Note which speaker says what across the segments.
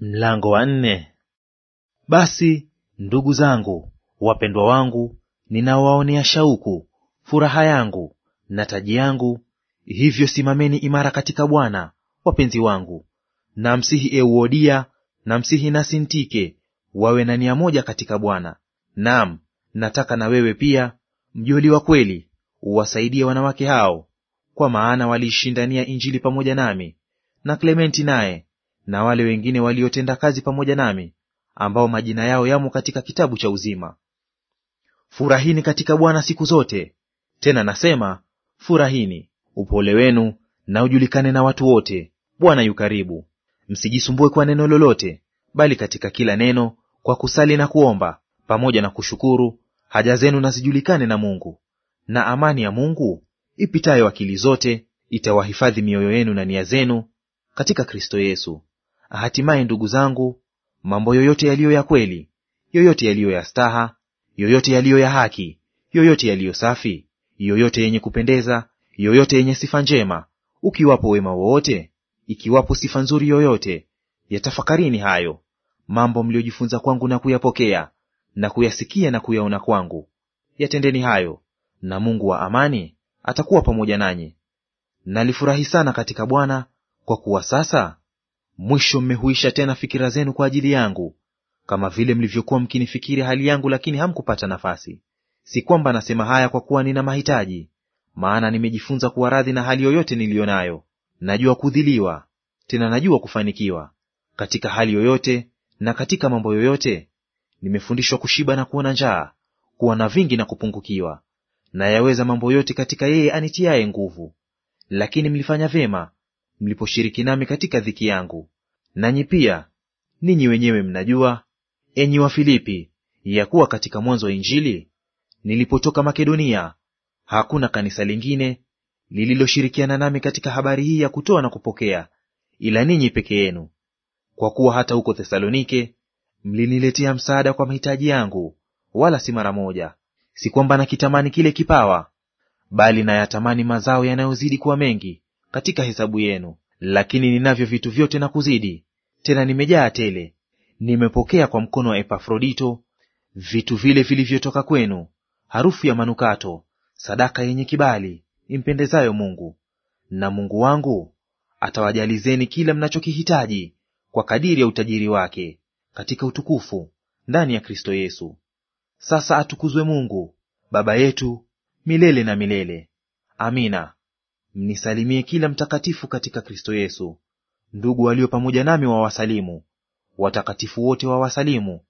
Speaker 1: Mlango wa nne. Basi ndugu zangu wapendwa wangu, ninawaonea shauku, furaha yangu na taji yangu, hivyo simameni imara katika Bwana, wapenzi wangu. Namsihi Euodia, na na Nasintike, wawe na nia moja katika Bwana. Naam, nataka na wewe pia, mjoli wa kweli, uwasaidie wanawake hao, kwa maana waliishindania Injili pamoja nami. Na Klementi naye na wale wengine waliotenda kazi pamoja nami, ambao majina yao yamo katika kitabu cha uzima. Furahini katika Bwana siku zote; tena nasema furahini. Upole wenu na ujulikane na watu wote. Bwana yu karibu. Msijisumbue kwa neno lolote, bali katika kila neno kwa kusali na kuomba pamoja na kushukuru, haja zenu na zijulikane na Mungu. Na amani ya Mungu ipitayo akili zote itawahifadhi mioyo yenu na nia zenu katika Kristo Yesu. Hatimaye ndugu zangu, mambo yoyote yaliyo ya kweli, yoyote yaliyo ya staha, yoyote yaliyo ya haki, yoyote yaliyo safi, yoyote yenye kupendeza, yoyote yenye sifa njema, ukiwapo wema wowote, ikiwapo sifa nzuri yoyote, yatafakarini hayo mambo mliyojifunza kwangu na kuyapokea na kuyasikia na kuyaona kwangu, yatendeni hayo, na Mungu wa amani atakuwa pamoja nanyi. Nalifurahi sana katika Bwana, kwa kuwa sasa Mwisho mmehuisha tena fikira zenu kwa ajili yangu, kama vile mlivyokuwa mkinifikiri hali yangu, lakini hamkupata nafasi. Si kwamba nasema haya kwa kuwa nina mahitaji, maana nimejifunza kuwa radhi na hali yoyote niliyo nayo. Najua kudhiliwa, tena najua kufanikiwa; katika hali yoyote na katika mambo yoyote nimefundishwa kushiba na kuona njaa, kuwa na vingi na kupungukiwa. Nayaweza mambo yote katika yeye anitiaye nguvu. Lakini mlifanya vyema mliposhiriki nami katika dhiki yangu. Nanyi pia ninyi wenyewe mnajua, enyi Wafilipi, ya kuwa katika mwanzo wa Injili nilipotoka Makedonia, hakuna kanisa lingine lililoshirikiana nami katika habari hii ya kutoa na kupokea, ila ninyi peke yenu. Kwa kuwa hata huko Thesalonike mliniletea msaada kwa mahitaji yangu, wala si mara moja. Si kwamba nakitamani kile kipawa, bali nayatamani mazao yanayozidi kuwa mengi katika hesabu yenu. Lakini ninavyo vitu vyote na kuzidi, tena nimejaa tele. Nimepokea kwa mkono wa Epafrodito vitu vile vilivyotoka kwenu, harufu ya manukato, sadaka yenye kibali impendezayo Mungu. Na Mungu wangu atawajalizeni kila mnachokihitaji kwa kadiri ya utajiri wake katika utukufu ndani ya Kristo Yesu. Sasa atukuzwe Mungu Baba yetu milele na milele. Amina. Mnisalimie kila mtakatifu katika Kristo Yesu. Ndugu walio pamoja nami wawasalimu. Watakatifu wote wawasalimu,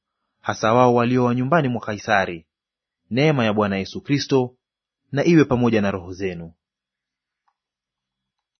Speaker 1: hasa wao walio wa nyumbani mwa Kaisari. Neema ya Bwana Yesu Kristo na iwe pamoja na roho zenu.